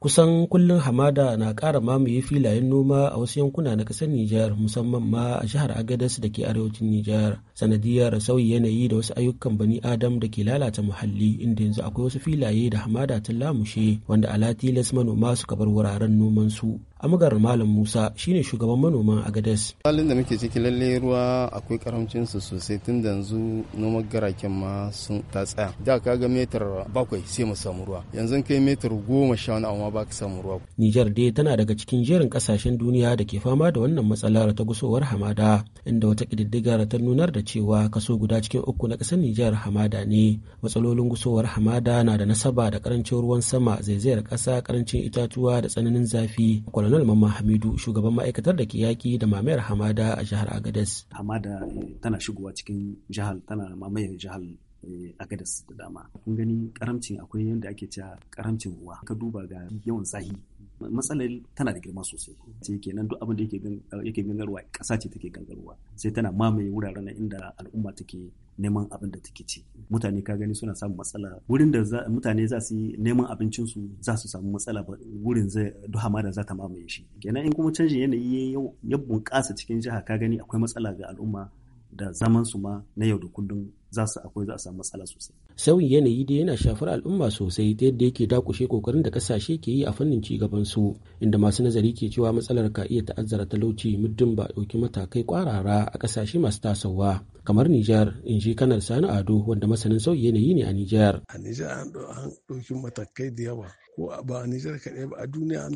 kusan kullum hamada na ƙara mamaye filayen noma a wasu yankuna na ƙasar Nijar musamman ma a jihar Agadez da ke arewacin Nijar sanadiyar sauyi yanayi da wasu ayyukan bani Adam da ke lalata muhalli inda yanzu akwai wasu filaye da hamada ta lamushe wanda alatilas manoma suka bar wuraren noman su amagar malam musa shine shugaban manoman agades halin da muke ciki lalle ruwa akwai karamcin su sosai tun da yanzu noman garaken ma sun ta tsaya da ka ga metar bakwai sai mu samu ruwa yanzu kai metar goma sha wani amma ba ka samu ruwa nijar dai tana daga cikin jerin kasashen duniya da ke fama da wannan matsalar ta gusowar hamada inda wata kididdigar ta nunar da cewa kaso guda cikin uku na kasar nijar hamada ne matsalolin gusowar hamada na da nasaba da karancin ruwan sama zaizayar kasa karancin itatuwa da tsananin zafi Emmanuel Mamma Hamidu shugaban ma'aikatar da ke yaki da mamayar hamada a jihar Agadez. Hamada eh, tana shigowa cikin jihar tana mamayar jihar eh, Agadez da dama. Kun gani karamcin akwai yadda ake cewa karamcin ruwa. Ka duba ga yawan tsahi. matsalar tana da girma sosai sai kenan duk abin da yake gangarwa ƙasa ce take gangarwa sai tana mamaye wuraren inda al'umma take neman abin da take ci mutane ka gani suna samun matsala wurin da mutane za su yi neman abincinsu za su samu matsala ba wurin zai ma da za ta mamaye shi kenan in kuma canjin yanayi ya bunƙasa cikin jiha ka gani akwai matsala ga al'umma da zaman su ma na yau da kullum za su akwai za a samu matsala sosai. Sauyin yanayi dai yana shafar al'umma sosai ta yadda yake dakushe kokarin da kasashe ke yi a fannin ci gaban su inda masu nazari ke cewa matsalar ka iya ta'azzara talauci muddin ba dauki matakai kwarara a kasashe masu tasowa kamar Nijar in ji kanar Sani Ado wanda masanin sauyin yanayi ne a Nijar. A Nijar an ɗauki matakai da yawa ko ba a Nijar kaɗai ba a duniya an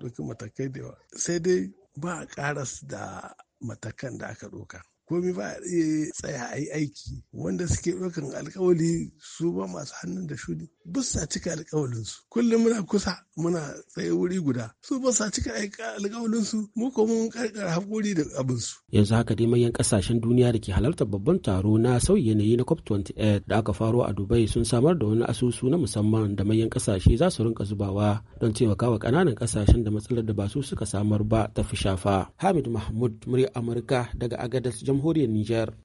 ɗauki matakai da yawa sai dai ba a karas da matakan da aka ɗauka. komai ba iya tsaya a yi aiki wanda suke ɗaukan alkawali su ba masu hannun da shuni ba sa cika alkawalinsu kullum muna kusa muna tsaye wuri guda su ba sa cika alkawalinsu mu ko mun karkar hakuri da abinsu. yanzu haka dai manyan kasashen duniya da ke halartar babban taro na sauyi yanayi na cop 28 da aka faro a dubai sun samar da wani asusu na musamman da manyan kasashe za su rinka zubawa don taimakawa ƙananan ƙasashen da matsalar da ba su suka samar ba ta fi shafa hamid mahmud murya amurka daga agadas jamhuriyar Nijar